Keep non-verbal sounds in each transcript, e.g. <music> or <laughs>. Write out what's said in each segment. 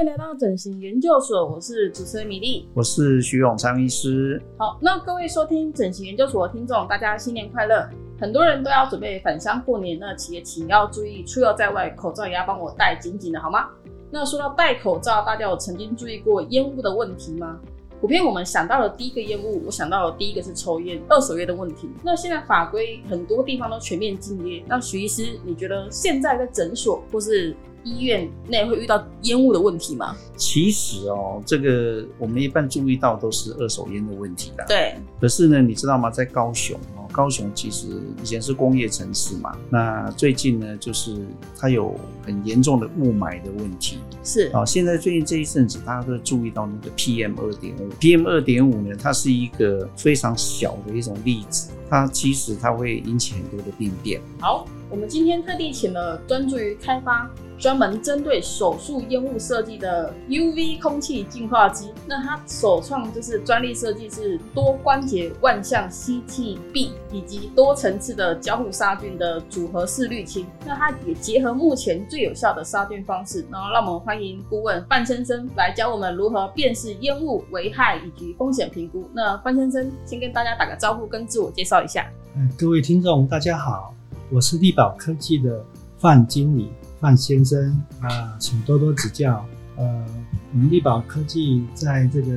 歡迎來到整形研究所，我是主持人米粒。我是徐永昌醫師。好，那各位收聽整形研究所的聽眾，大家新年快樂！很多人都要準備返鄉過年，那企業請要注意，出遊在外，口罩也要幫我戴緊緊的，好嗎？那說到戴口罩，大家有曾經注意過煙霧的問題嗎？普遍我們想到的第一個煙霧，我想到的第一個是抽煙、二手煙的問題。那現在法規很多地方都全面禁煙，那徐醫師，你覺得現在的診所或是醫院內會遇到煙霧的問題嗎？其實哦，這個我們一般注意到都是二手煙的問題啦。對。可是呢，你知道嗎？在高雄哦，高雄其實以前是工業城市嘛。那最近呢，就是它有很嚴重的霧霾的問題。是啊。現在最近這一陣子，大家都會注意到那個 PM 二點五。PM 二點五呢，它是一個非常小的一種粒子，它其實它會引起很多的病變。好，我們今天特地請了專注於開發。專門針對手術煙霧設計的 UV 空氣淨化機，那它首創就是專利設計，是多關節萬向吸氣臂以及多層次的交互殺菌的組合式濾清，那它也結合目前最有效的殺菌方式。然後讓我們歡迎顧問范先生來教我們如何辨識煙霧危害以及風險評估。那范先生先跟大家打個招呼，跟自我介紹一下。嗯，各位聽眾大家好，我是力寶科技的范經理。范先生，啊、呃，請多多指教。呃，我們立寶科技在這個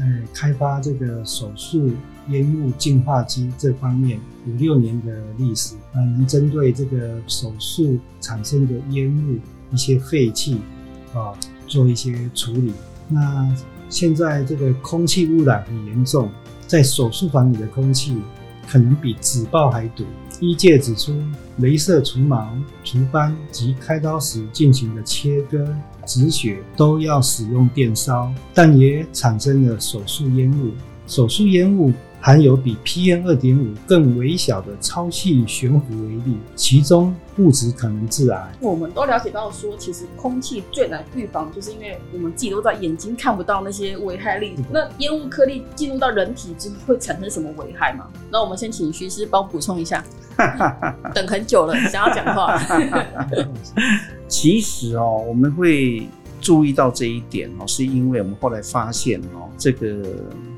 呃開發這個手術煙霧淨化機這方面五六年的歷史，啊、呃，能針對這個手術產生的煙霧一些廢氣，啊、呃，做一些處理。那現在這個空氣污染很嚴重，在手術房裡的空氣可能比紫爆還毒。醫界指出，雷射除毛、除斑及開刀時進行的切割、止血都要使用電燒，但也產生了手術煙霧。手術煙霧含有比 PM2.5 更微小的超細懸浮微粒，其中物質可能致癌。我們都了解到說，其實空氣最難預防，就是因為我們自己都在眼睛看不到那些危害的粒子。那煙霧顆粒進入到人體之後會產生什麼危害嗎？那我們先請徐醫師幫我補充一下。 <laughs> 嗯，等很久了，想要講話。 <laughs> 其實哦，我們會注意到這一點哦，是因為我們後來發現哦，這個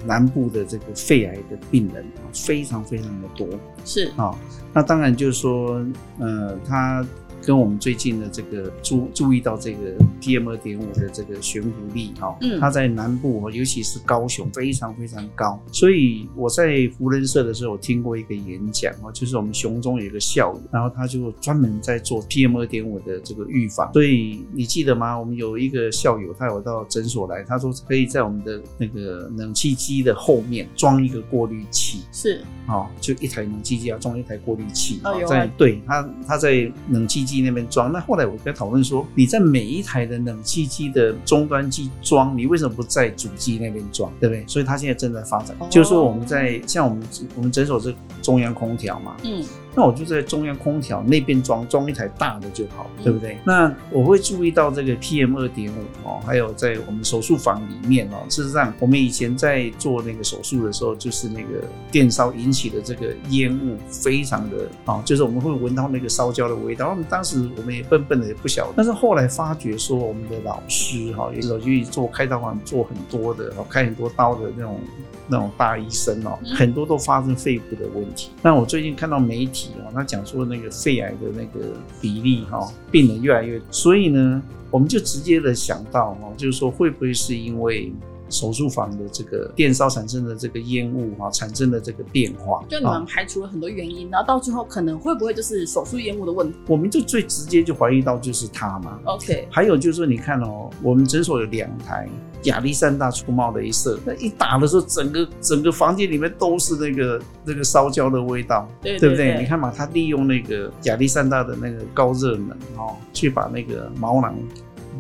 南部的這個肺癌的病人非常非常的多。是啊，那當然就是說，呃，他。跟我們最近的這個注注意到這個 PM 二點五的這個懸浮粒哈、哦，嗯，它在南部，尤其是高雄，非常非常高。所以我在扶輪社的時候，我聽過一個演講哦，就是我們雄中有一個校友，然後他就專門在做 PM 二點五的這個預防。所以你記得嗎？我們有一個校友，他有到診所來，他說可以在我們的那個冷氣機的後面裝一個過濾器，是，哦，就一台冷氣機要裝一台過濾器，啊、哎、呦對，他他在冷氣機。那邊裝，那後來我在討論說，你在每一台的冷氣機的終端機裝，你為什麼不在主機那邊裝，對不對？所以它現在正在發展，哦、就是說我們在像我們我們診所是中央空調嘛，嗯。那我就在中央空調那邊裝，裝一台大的就好，對不對？那我會注意到這個 PM 二點五哦，還有在我們手術房裡面哦。事實上，我們以前在做那個手術的時候，就是那個電燒引起的這個煙霧非常的啊，就是我們會聞到那個燒焦的味道。當時我們也笨笨的也不曉得，但是後來發覺說，我們的老師哈，有時候去做開刀房做很多的，開很多刀的那種。那種大醫生哦，嗯、很多都發生肺部的問題。那我最近看到媒體哦，他講說那個肺癌的那個比例哈、哦，病人越來越多。所以呢，我們就直接的想到哦，就是說會不會是因為手術房的這個電燒產生的這個煙霧哈，產生的這個變化？就你們排除了很多原因，哦、然後到最後可能會不會就是手術煙霧的問題？我們就最直接就懷疑到就是它嘛。OK。還有就是說你看哦，我們診所有兩台。亞歷山大除毛的雷射，那一打的時候整，整個整個房間裡面都是那個那個燒焦的味道，對，對，對，對不對？你看嘛，它利用那個亞歷山大的那個高熱能哦，去把那個毛囊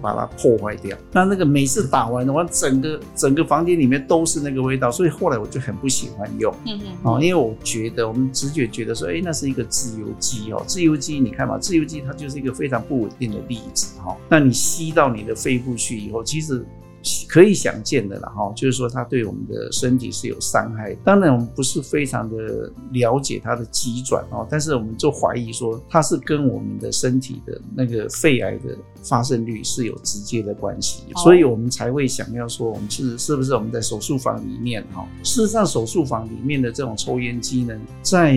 把它破壞掉。那那個每次打完的話，整個整個房間裡面都是那個味道，所以後來我就很不喜歡用。嗯嗯，哦，因為我覺得我們直覺覺得說，哎，那是一個自由基哦，自由基，你看嘛，自由基它就是一個非常不穩定的粒子哈、哦。那你吸到你的肺部去以後，其實。可以想見的了哈，就是說它對我們的身體是有傷害的。當然，我們不是非常的了解它的機轉哦，但是我們就懷疑說它是跟我們的身體的那個肺癌的發生率是有直接的關係，oh. 所以我們才會想要說，我們是是不是我們在手術房裡面哈？事實上，手術房裡面的這種抽煙機呢，在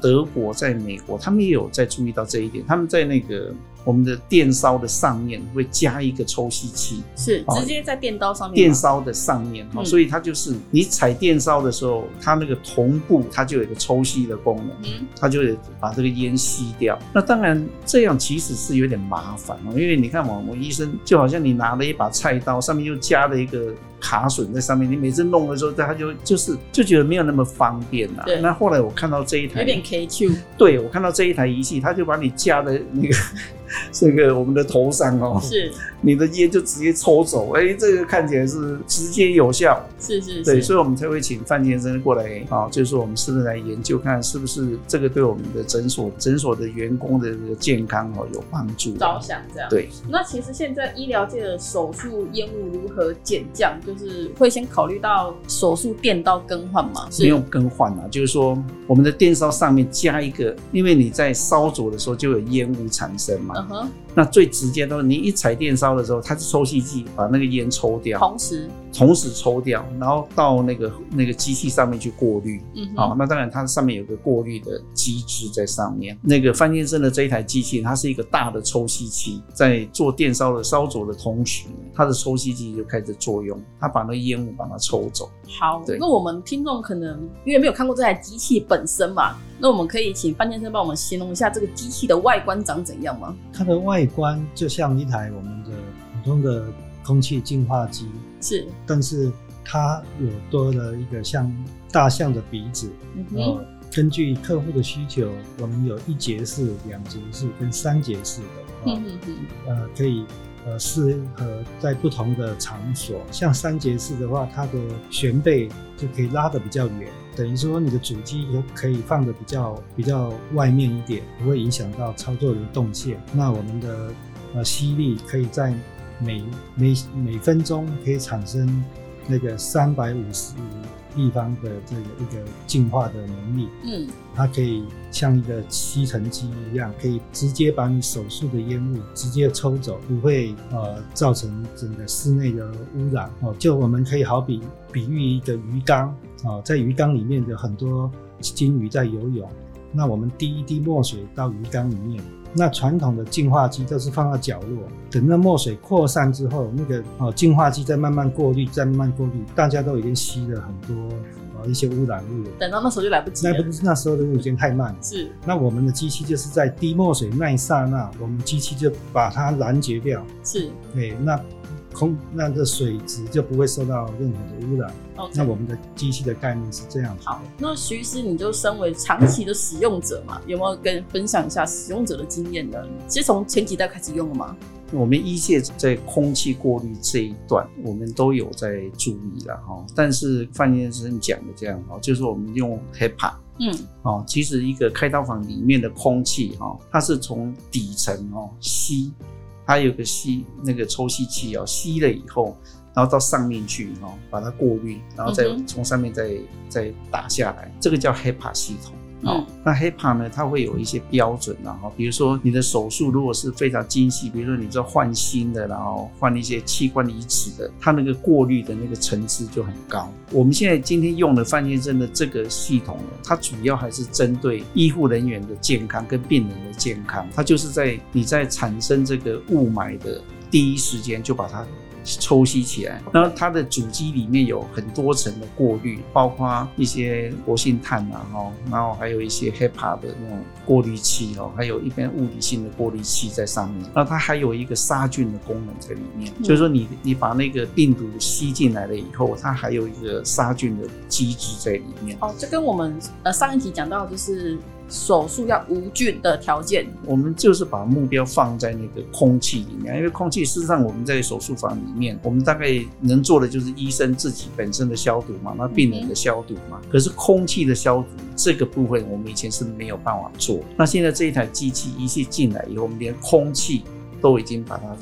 德國、在美國，他們也有在注意到這一點，他們在那個。我們的電燒的上面會加一個抽吸器，是直接在電刀上面。電燒的上面，好，所以它就是你踩電燒的時候，它那個同步，它就有一個抽吸的功能，嗯，它就會把這個煙吸掉。那當然，這樣其實是有點麻煩，因為你看我們醫生就好像你拿了一把菜刀，上面又加了一個。卡榫在上面，你每次弄的時候，他就就是就覺得沒有那麼方便了、啊。對。那後來我看到這一台有點 KQ。對，我看到這一台儀器，它就把你夾在那個 <laughs> 這個我們的頭上哦、喔，是。你的煙就直接抽走，哎、欸，這個看起來是直接有效。是是是。對，所以我們才會請范先生過來啊、喔，就是我們是不是來研究看，是不是這個對我們的診所、診所的員工的這個健康哦、喔、有幫助、啊？着想這樣。對。那其實現在醫療界的手術煙霧如何減降？就是會先考慮到手術電刀更換嗎？沒有更換啊，就是說我們的電燒上面加一個，因為你在燒灼的時候就有煙霧產生嘛。Uh huh. 那最直接的，你一踩電燒的時候，它是抽吸器，把那個煙抽掉，同時同時抽掉，然後到那個那個機器上面去過濾。嗯哼，好、哦，那當然它上面有個過濾的機制在上面。那個范先生的這一台機器，它是一個大的抽吸器，在做電燒的燒灼的同時，它的抽吸器就開始作用，它把那煙霧把它抽走。好，對那我們聽眾可能因為沒有看過這台機器本身嘛，那我們可以請范先生幫我們形容一下這個機器的外觀長怎樣嗎？它的外。關就像一台我們的普通的空氣淨化機是，但是它有多了一個像大象的鼻子，Okay. 然後根據客戶的需求，我們有一節式、兩節式跟三節式的，嗯、 <laughs> 呃、可以呃適合在不同的場所，像三節式的話，它的懸臂就可以拉得比較遠。等於說，你的主機也可以放的比較比較外面一點，不會影響到操作的動線。那我們的呃吸力可以在每每每分鐘可以產生那個三百五十立方的這個一個淨化的能力。嗯，它可以像一個吸塵機一樣，可以直接把你手術的煙霧直接抽走，不會呃造成整個室內的污染。哦，就我們可以好比比喻一個魚缸。哦，在魚缸裡面有很多金魚在游泳，那我們滴一滴墨水到魚缸裡面，那傳統的淨化機就是放到角落，等那墨水擴散之後，那個哦淨化機再慢慢過濾，再慢慢過濾，大家都已經吸了很多呃、哦、一些污染物，等到那時候就來不及了，來不及，那時候的物件太慢了，是。那我們的機器就是在滴墨水那一剎那，我們機器就把它攔截掉，是，對，那。空那這個、水質就不會受到任何的污染。哦，Okay. 那我們的機器的概念是這樣。好，那徐醫師你就身為長期的使用者嘛，嗯、有沒有跟分享一下使用者的經驗呢？其實從前幾代開始用了嘛。我們醫界在空氣過濾這一段，我們都有在注意了哈。但是范先生講的這樣哈，就是我們用 HEPA。嗯。哦，其實一個開刀房裡面的空氣哈，它是從底層哦吸。它有個吸那個抽吸器哦，吸了以後，然後到上面去哦，把它過濾，然後再從上面再、嗯、哼再打下來，這個叫 HEPA 系統。哦，那 HEPA 呢？它會有一些標準，然後比如說你的手術如果是非常精細，比如說你這換心的，然後換一些器官移植的，它那個過濾的那個層次就很高。我們現在今天用的范先生的這個系統呢，它主要還是針對醫護人員的健康跟病人的健康，它就是在你在產生這個霧霾的第一時間就把它。抽吸起來，那它的主機裡面有很多層的過濾，包括一些活性炭啊，哦，然後還有一些 HEPA 的那種過濾器哦，還有一邊物理性的過濾器在上面。那它還有一個殺菌的功能在裡面，就是說你你把那個病毒吸進來了以後，它還有一個殺菌的機制在裡面。哦、嗯，這跟我們呃上一集講到就是。手術要無菌的條件，我們就是把目標放在那個空氣裡面，因為空氣事實上我們在手術房裡面，我們大概能做的就是醫生自己本身的消毒嘛，那病人的消毒嘛，Okay. 可是空氣的消毒這個部分我們以前是沒有辦法做，那現在這一台機器儀器進來以後，我們連空氣都已經把它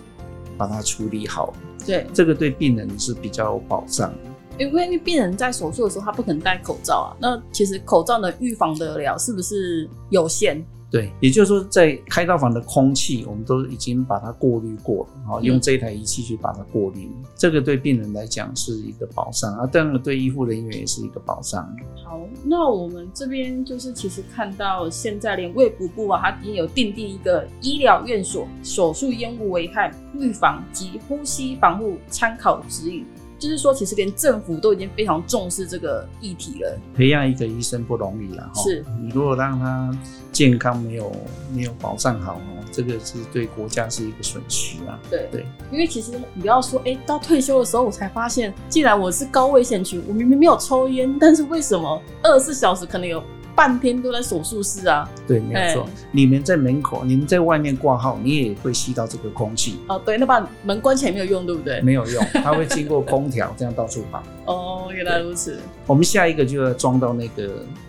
把它處理好，對，這個對病人是比較有保障。因為病人在手術的時候，他不可能戴口罩啊。那其實口罩能預防得了，是不是有限？對，也就是說，在開刀房的空氣，我們都已經把它過濾過了啊，用這台儀器去把它過濾，嗯、這個對病人來講是一個保障啊，當然對醫護人員也是一個保障。好，那我們這邊就是其實看到現在連衛福部部啊，它已經有訂定一個醫療院所手術煙霧危害預防及呼吸防護參考指引。就是說，其實連政府都已經非常重視這個議題了。培養一個醫生不容易啦，是。你如果讓他健康沒有沒有保障好呢，這個是對國家是一個損失啊。對對，對，因為其實你不要說，哎、欸，到退休的時候我才發現，既然，我是高危險群，我明明沒有抽煙，但是為什麼二十四小時可能有？半天都在手術室啊，對，沒錯。欸、你們在門口，你們在外面掛號，你也會吸到這個空氣。哦，對，那把門關起來沒有用，對不對？沒有用，它會經過空調這樣到處跑。 <laughs> 對哦，原來如此。我們下一個就要裝到、那個、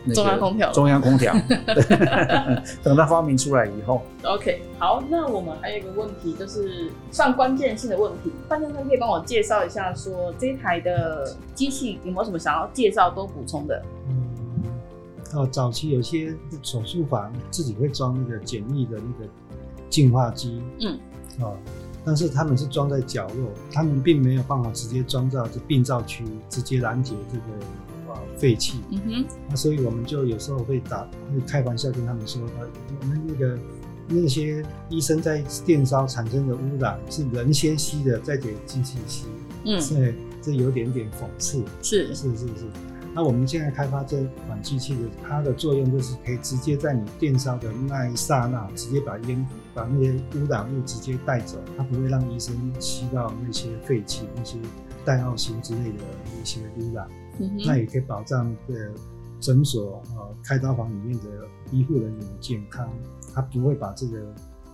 那個中央空調，中央空調。 <laughs> <laughs> 等它發明出來以後。OK，好，那我們還有一個問題，就是算關鍵性的問題。范先生可以幫我介紹一下說，說這台的機器有沒有什麼想要介紹、多補充的？嗯哦，早期有些手術房自己會裝那個簡易的那個淨化機，嗯，哦，但是他們是裝在角落，他們並沒有辦法直接裝到這病灶區直接攔截這個廢氣，哦、嗯哼，那、啊、所以我們就有時候會打會開玩笑跟他們說，我們那個那些醫生在電燒產生的污染是人先吸的，再給機器吸，嗯，所以這有點點諷刺，是是是是。那、啊、我們現在開發這款機器的，它的作用就是可以直接在你電燒的那一剎那，直接把煙、把那些污染物直接帶走，它不會讓醫生吸到那些廢氣、那些戴奧辛之類的那些污染。嗯、哼那也可以保障的診所呃、啊、開刀房裡面的醫護人員的健康，它不會把這個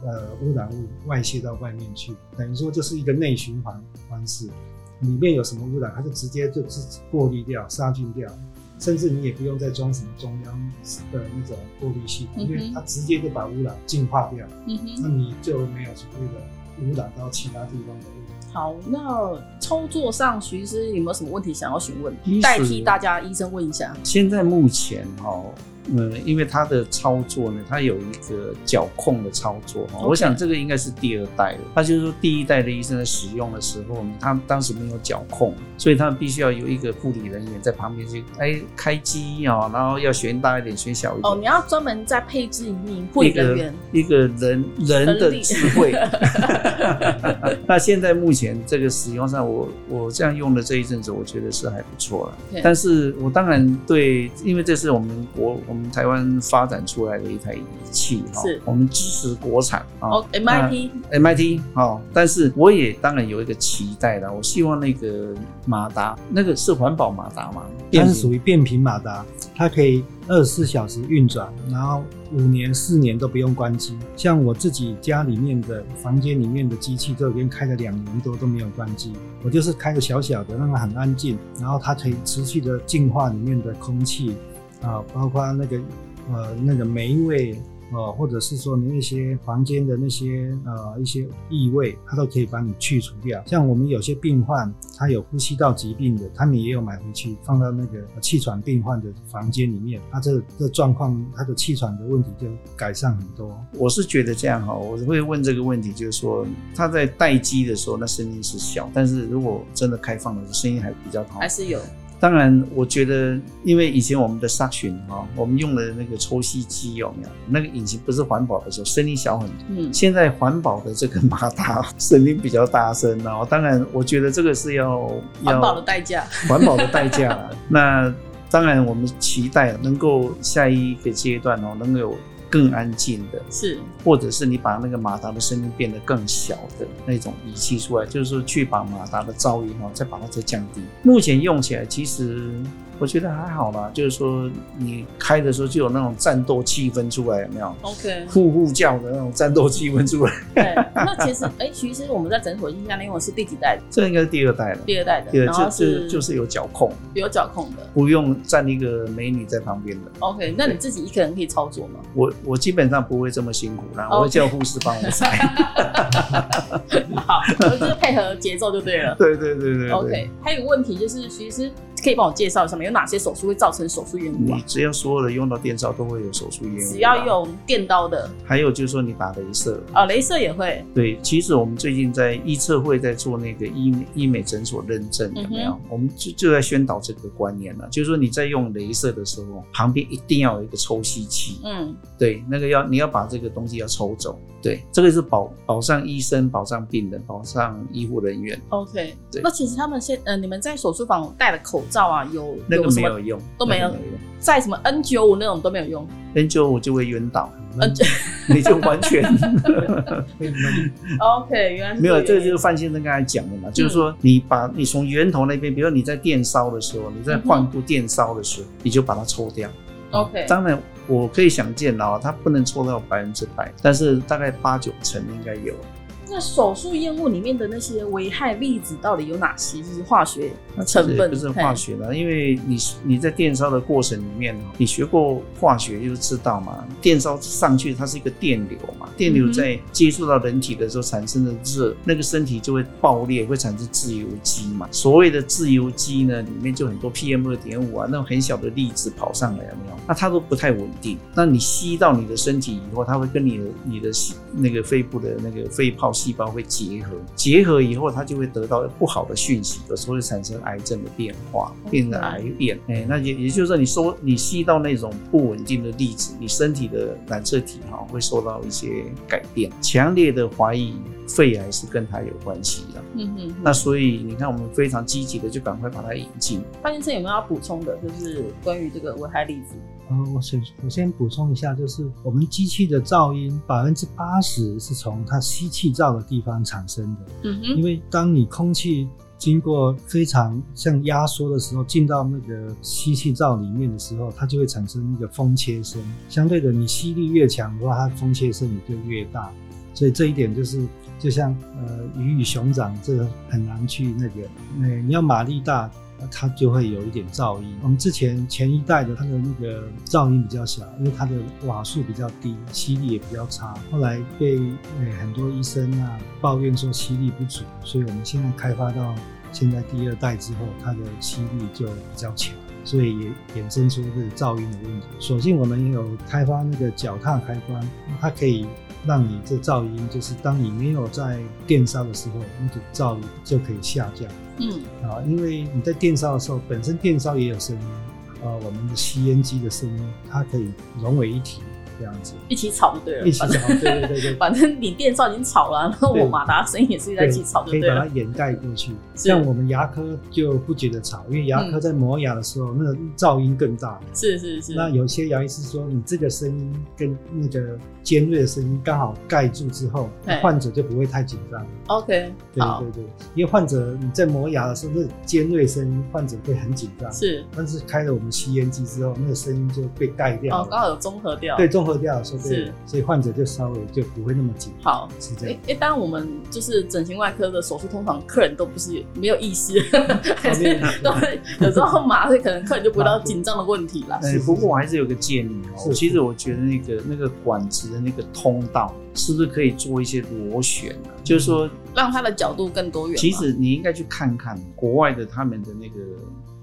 呃污染物外洩到外面去，等於說這是一個內循環方式。裡面有什麼污染，它就直接就是過濾掉、殺菌掉，甚至你也不用再裝什麼中央的那種過濾系統、嗯、哼因為它直接就把污染淨化掉。嗯、哼那你就沒有所謂的污染到其他地方的問題。好，那操作上其實有沒有什麼問題想要詢問？實代替大家醫生問一下。現在目前哦、喔。嗯，因為它的操作呢，它有一個腳控的操作哈。Okay. 我想這個應該是第二代的，它、啊、就是說，第一代的醫生在使用的時候，他們當時沒有腳控，所以他們必須要有一個護理人員在旁邊去哎開機哦、喔，然後要選大一點，選小一點。哦，你要專門再配置一名護理人員，一個，一個人人的智慧。那現在目前這個使用上，我我這樣用的這一陣子，我覺得是還不錯了。Yeah. 但是我當然對，因為這是我們國。台灣發展出來的一台儀器哈，是我們支持國產啊、哦、那，MIT MIT、哦、哈，但是我也當然有一個期待啦，我希望那個馬達那個是環保馬達嘛，它是屬於變頻馬達，它可以二十四小時運轉，然後五年四年都不用關機。像我自己家裡面的房間裡面的機器都已經開了兩年多都沒有關機，我就是開個小小的讓它很安靜，然後它可以持續的淨化裡面的空氣。啊，包括那個，呃，那個霉味，呃，或者是說你那些房間的那些呃一些異味，它都可以幫你去除掉。像我們有些病患，他有呼吸道疾病的，他們也有買回去放到那個氣喘病患的房間裡面，他這個狀況，他、這個、的氣喘的問題就改善很多。我是覺得這樣哈，我會問這個問題，就是說他在待機的時候，那聲音是小，但是如果真的開放了，聲音還比較大，還是有。當然，我覺得，因為以前我們的沙群哦，我們用的那個抽吸機有沒有？那個引擎不是環保的時候，聲音小很多。嗯，現在環保的這個馬達聲音比較大聲哦。當然，我覺得這個是要，要環保的代價，環保的代價。 <laughs> 那當然，我們期待能夠下一個階段哦，能夠有。更安靜的是，或者是你把那個馬達的聲音變得更小的那種儀器出來，就是說去把馬達的噪音哈，再把它再降低。目前用起來其實。我覺得還好啦，就是說你開的時候就有那種戰鬥氣氛出來，有沒有？OK，呼呼叫的那種戰鬥氣氛出來。對，那其實，哎，徐醫師，我們在診所現在用的是第幾代的？這應該是第二代的。第二代的，對，就是就是有腳控，有腳控的，不用站一個美女在旁邊的。OK，那你自己一個人可以操作嗎？我我基本上不會這麼辛苦啦，我會叫護士幫我踩。好，就是配合節奏就對了。對對對對。OK，還有個問題就是，徐醫師。可以幫我介紹一下嗎？有哪些手術會造成手術煙霧？你只要所有的用到電燒都會有手術煙霧。只要用電刀的，還有就是說你打鐳射啊，哦、鐳射也會。對，其實我們最近在醫策會在做那個醫美醫美診所認證有沒有？嗯、哼我們就就在宣導這個觀念了，就是說你在用鐳射的時候，旁邊一定要有一個抽吸器。嗯，對，那個要你要把這個東西要抽走。對，這個是保保障醫生、保障病人、保障醫護人員。OK，對。那其實他們現，呃，你們在手術房戴了口罩。照啊，有，有那個沒有用，都沒有，在什麼 N95 那種都沒有用，N95 就會暈倒，N 你就完全。 <laughs> <laughs> OK，原來原沒有，這個就是范先生剛才講的嘛，嗯、就是說你把你從源頭那邊，比如說你在電燒的時候，你在換部電燒的時候，嗯、哼你就把它抽掉。OK，啊、當然我可以想見哦，它不能抽到百分之百，但是大概八九成應該有。那手術煙霧裡面的那些危害粒子到底有哪些？就是化學成分，就、啊、是化學了，嘿因為你你在電燒的過程裡面，你學過化學就知道嘛，電燒上去它是一個電流嘛，電流在接觸到人體的時候產生的熱，嗯、哼那個身體就會爆裂，會產生自由基嘛。所謂的自由基呢，裡面就很多 PM 二點五啊，那種很小的粒子跑上來有沒有？那它都不太穩定，那你吸到你的身體以後，它會跟你你的那個肺部的那個肺泡。細胞會結合，結合以後它就會得到不好的訊息，有時候會產生癌症的變化，Okay. 變成癌變。哎、欸，那也也就是說，你收你吸到那種不穩定的粒子，你身體的染色體哈、哦、會受到一些改變。強烈的懷疑肺癌是跟它有關係的。嗯嗯。那所以你看，我們非常積極的就趕快把它引進。范先生有沒有要補充的？就是關於這個危害粒子。嗯，我先我先補充一下，就是我們機器的噪音百分之八十是從它吸氣罩的地方產生的。嗯哼，因為當你空氣經過非常像壓縮的時候，進到那個吸氣罩裡面的時候，它就會產生一個風切聲。相對的，你吸力越強的話，它風切聲也就越大。所以這一點就是，就像呃魚與熊掌，這很難去那個，嗯，你要馬力大。它就會有一點噪音。我們之前前一代的它的那個噪音比較小，因為它的瓦數比較低，吸力也比較差。後來被，欸，很多醫生啊抱怨說吸力不足，所以我們現在開發到現在第二代之後，它的吸力就比較強。所以也衍生出這個噪音的問題。所幸我們也有開發那個腳踏開關，它可以讓你這噪音，就是當你沒有在電燒的時候，你的噪音就可以下降。嗯，啊，因為你在電燒的時候，本身電燒也有聲音，啊、呃，我們的吸煙機的聲音，它可以融為一體。這樣子一起吵就對了，一起吵對對對對，反正你電燒已經吵了，然後我馬達聲音也是在一起吵，對？可以把它掩蓋過去。這樣我們牙科就不覺得吵，因為牙科在磨牙的時候，那個噪音更大。是是是。那有些牙醫是說，你這個聲音跟那個尖銳的聲音剛好蓋住之後，患者就不會太緊張。OK，對對對，因為患者你在磨牙的時候，那尖銳聲音患者會很緊張。是，但是開了我們吸煙機之後，那個聲音就被蓋掉了，剛好有綜合掉。對。掉是所以患者就稍微就不會那麼緊。好，是這樣。哎、欸欸，當我們就是整形外科的手術，通常客人都不是沒有意識，對 <laughs> 是，有時候麻醉 <laughs> 可能客人就不知道緊張的問題了。不過我還是有個建議哦、喔，是是是，其實我覺得那個那個管子的那個通道是不是可以做一些螺旋、啊，嗯、就是說讓它的角度更多元。其實你應該去看看國外的他們的那個。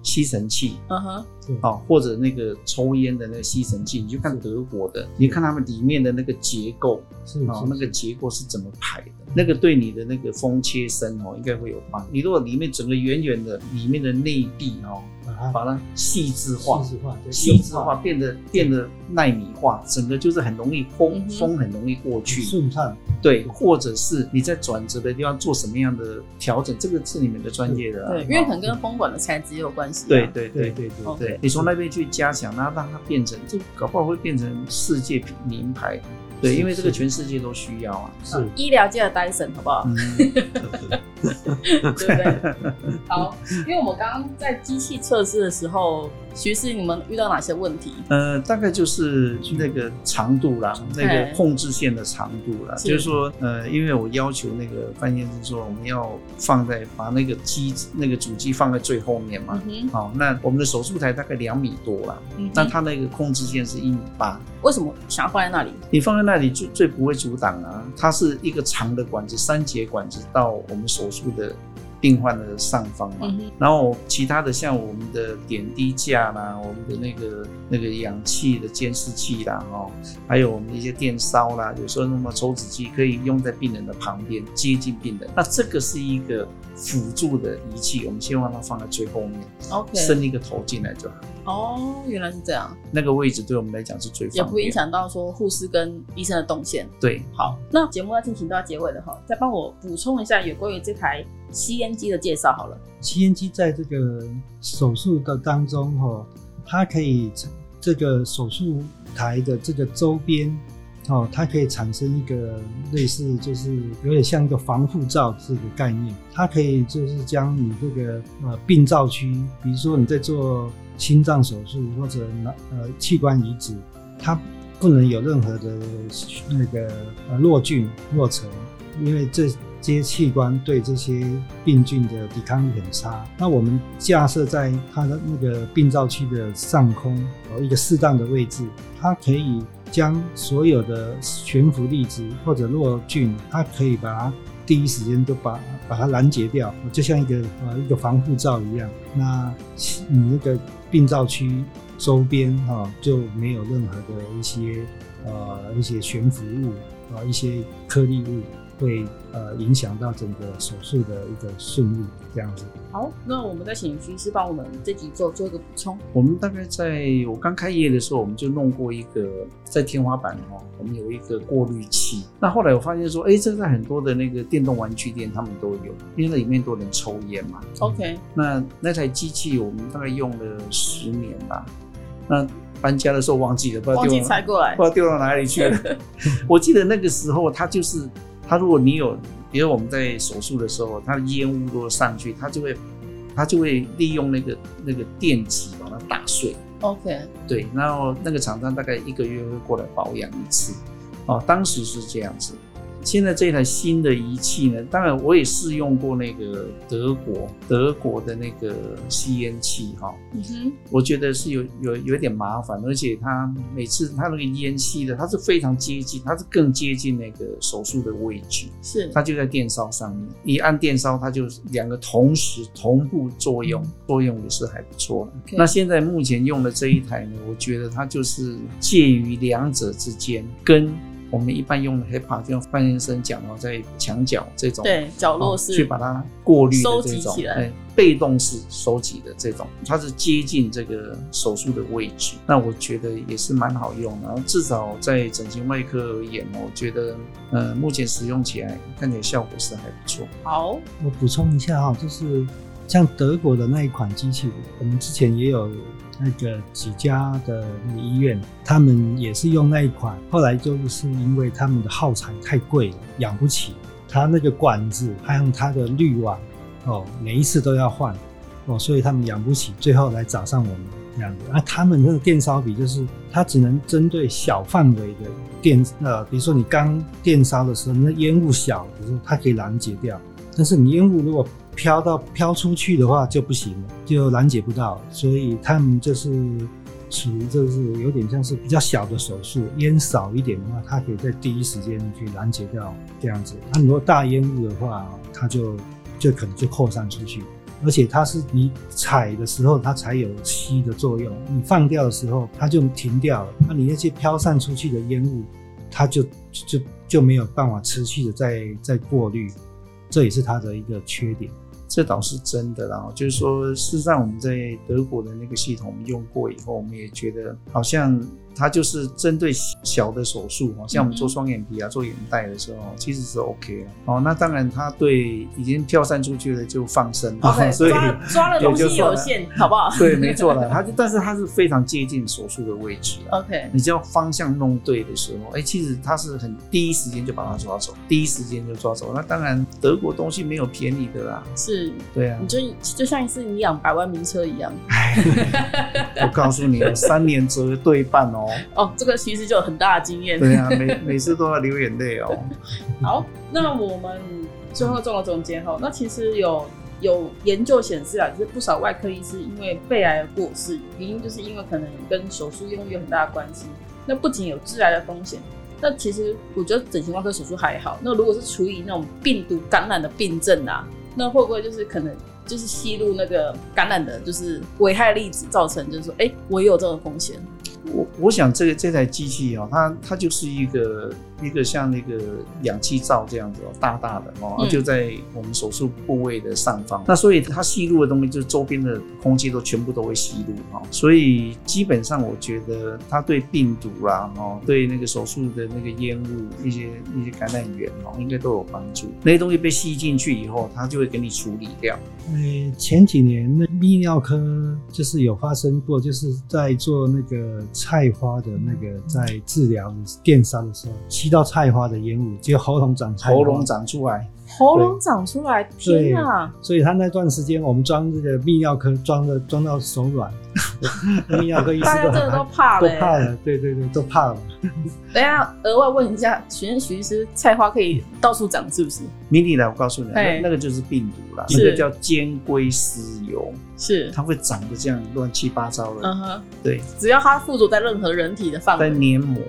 吸塵器、uh huh. 哦，或者那個抽煙的那個吸塵器，你就看德國的，你看他們裡面的那個結構，哦、是,是,是,是那個結構是怎麼排的，那個對你的那個風切聲哦，應該會有幫。你如果裡面整個圓圓的，裡面的內壁哦。啊、把它細緻化，細緻化，細緻化，化變得對變得奈米化，整個就是很容易風風、嗯、哼很容易過去順暢，嗯、哼對，或者是你在轉折的地方做什麼樣的調整，這個是你們的專業的、啊、對，對好因為可能跟風管的材質也有關係、啊，對對對對對 Okay. 對，你從那邊去加強，然後讓它變成，就搞不好會變成世界品名牌。對，因為這個全世界都需要啊，是，是，是啊，醫療界的 Dyson，好不好？對不對？ <laughs> 好，因為我們剛剛在機器測試的時候。其實你們遇到哪些問題？呃，大概就是那個長度啦，嗯、那個控制線的長度啦。對就是說，呃，因為我要求那個范先生說，我們要放在把那個機子那個主機放在最後面嘛。嗯、哼好，那我們的手術台大概兩米多了，嗯、哼那它那個控制線是一米八。為什麼想要放在那裡？你放在那裡最最不會阻擋啊。它是一個長的管子，三節管子到我們手術的。病患的上方嘛，嗯、哼然後其他的像我們的點滴架啦，我們的那個那個氧氣的監視器啦，哦，還有我們一些電燒啦，有時候那麼抽脂機可以用在病人的旁邊，接近病人。那這個是一個輔助的儀器，我們先把它放在最後面，OK，伸一個頭進來就好。哦，原來是這樣。那個位置對我們來講是最方便，也不影響到說護士跟醫生的動線。對，好，那節目要進行到結尾了哈，再幫我補充一下有關於這台。吸煙機的介紹好了。吸煙機在這個手術的當中，哦，它可以這個手術台的這個周邊，哦，它可以產生一個類似就是有點像一個防護罩這個概念。它可以就是將你這個呃病灶區，比如說你在做心臟手術或者呃器官移植，它不能有任何的那個呃落菌落塵，因為這。這些器官對這些病菌的抵抗力很差。那我們架設在它的那個病灶區的上空，哦，一個適當的位置，它可以將所有的懸浮粒子或者落菌，它可以把它第一時間都把把它攔截掉，就像一個呃一個防護罩一樣。那你那個病灶區周邊哈，就沒有任何的一些呃一些懸浮物啊，一些顆粒物。會呃影響到整個手術的一個順利這樣子。好，那我們再請徐醫師幫我們自己做做一個補充。我們大概在我剛開業的時候，我們就弄過一個在天花板哦，我們有一個過濾器。那後來我發現說，哎，這在很多的那個電動玩具店他們都有，因為裡面多人抽菸嘛。OK。那那台機器我們大概用了十年吧。那搬家的時候忘記了，不知道丟。拆過來，不知道丟到哪裡去了。我記得那個時候它就是。他如果你有，比如我們在手術的時候，他的煙霧如果上去，他就會，他就會利用那個那個電極把它打碎。OK，對，然後那個廠商大概一個月會過來保養一次，哦，當時是這樣子。現在這一台新的儀器呢，當然我也試用過那個德國德國的那個吸煙器哈、哦，嗯哼、mm，hmm. 我覺得是有有有點麻煩，而且它每次它那個煙氣的，它是非常接近，它是更接近那個手術的位置，是的，它就在電燒上面，一按電燒，它就兩個同時同步作用，mm hmm. 作用也是還不錯的。Okay. 那現在目前用的這一台呢，我覺得它就是介於兩者之間，跟。我們一般用的 HEPA，就用范醫生講的，在牆角這種對角落是、哦、去把它過濾收集起來，被動式收集的這種，它是接近這個手術的位置。那我覺得也是蠻好用，然後至少在整形外科而言，我覺得呃目前使用起來看起來效果是還不錯。好，我補充一下哈，就是像德國的那一款機器，我們之前也有。那個幾家的那個醫院，他們也是用那一款。後來就是因為他們的耗材太貴了，養不起。他那個管子還有他的濾網，哦，每一次都要換，哦，所以他們養不起，最後來找上我們這樣子。那，啊，他們那個電燒筆就是，它只能針對小範圍的電，呃，比如說你剛電燒的時候，那煙霧小，比如說它可以攔截掉，但是你煙霧如果飄到飄出去的話就不行了，就攔截不到，所以他們就是屬於就是有點像是比較小的手術，煙少一點的話，它可以在第一時間去攔截掉這樣子。那如果大煙霧的話，它就就可能就擴散出去，而且它是你踩的時候它才有吸的作用，你放掉的時候它就停掉了。那你那些飄散出去的煙霧，它就就就沒有辦法持續的再再過濾。這也是它的一個缺點，這倒是真的啦。就是說，事實上我們在德國的那個系統，用過以後，我們也覺得好像。它就是針對小的手術啊，像我們做雙眼皮啊、做眼袋的時候，其實是 OK 啊。哦，那當然，它對已經擴散出去了就放生了。OK、哦、所以抓抓的東西有限，好不好？對，沒錯啦，它就，但是它是非常接近手術的位置、啊。OK，你只要方向弄對的時候，哎、欸，其實它是很第一時間就把它抓走，第一時間就抓走。那當然，德國東西沒有便宜的啦。是，對啊。你就就像一次你養百萬名車一樣。 <laughs> 我告訴你啊，三年折對半哦。哦，這個其實就有很大的經驗。對啊，每每次都要流眼淚哦。 <laughs> 好，那我們最後做了總結哈，那其實有有研究顯示啊，就是不少外科醫師因為肺癌的過世，原因就是因為可能跟手術用有很大的關係。那不僅有致癌的風險，那其實我覺得整形外科手術還好。那如果是處於那種病毒感染的病症啊，那會不會就是可能就是吸入那個感染的，就是危害粒子，造成就是說，哎、欸，我也有這種風險？我我想這，這個這台機器啊、哦，它它就是一個。一個像那個氧氣罩這樣子，喔，大大的哦、喔，啊、就在我們手術部位的上方。嗯、那所以它吸入的東西，就是周邊的空氣都全部都會吸入哦、喔。所以基本上我覺得它對病毒啦、啊，哦、喔，對那個手術的那個煙霧，一些一些感染源哦、喔，應該都有幫助。那些東西被吸進去以後，它就會給你處理掉。哎、欸，前幾年那泌尿科就是有發生過，就是在做那個菜花的那個在治療電燒的時候。只道菜花的煙霧，有喉嚨長，喉嚨長出來，喉嚨長出來，天啊！所以他那段時間，我們裝這個泌尿科裝的，裝到手軟。泌尿科醫生都怕了，都怕了。對對對，都怕了。等下額外問一下徐醫生，菜花可以到處長是不是？迷你的，我告訴你，那個就是病毒了，一個叫尖圭濕疣，是它會長得這樣亂七八糟的。嗯哼，對，只要它附着在任何人體的範圍，在黏膜。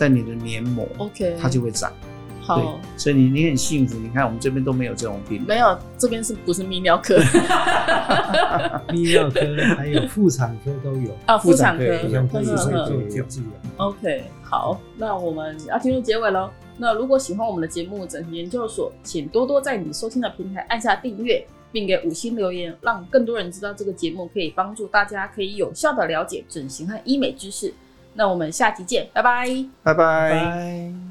在你的黏膜，OK，它就會長。好，所以你你很幸福。你看我們這邊都沒有這種病，沒有，這邊是不是泌尿科？泌尿 <laughs> <laughs> 科還有婦產科都有啊，婦產科都有。對 OK，好，那我們要進入結尾嘍。那如果喜歡我們的節目整形顏究所，請多多在你收聽的平台按下訂閱，並給五星留言，讓更多人知道這個節目可以幫助大家，可以有效地了解整形和醫美知識。那我們下期見，拜拜，拜拜。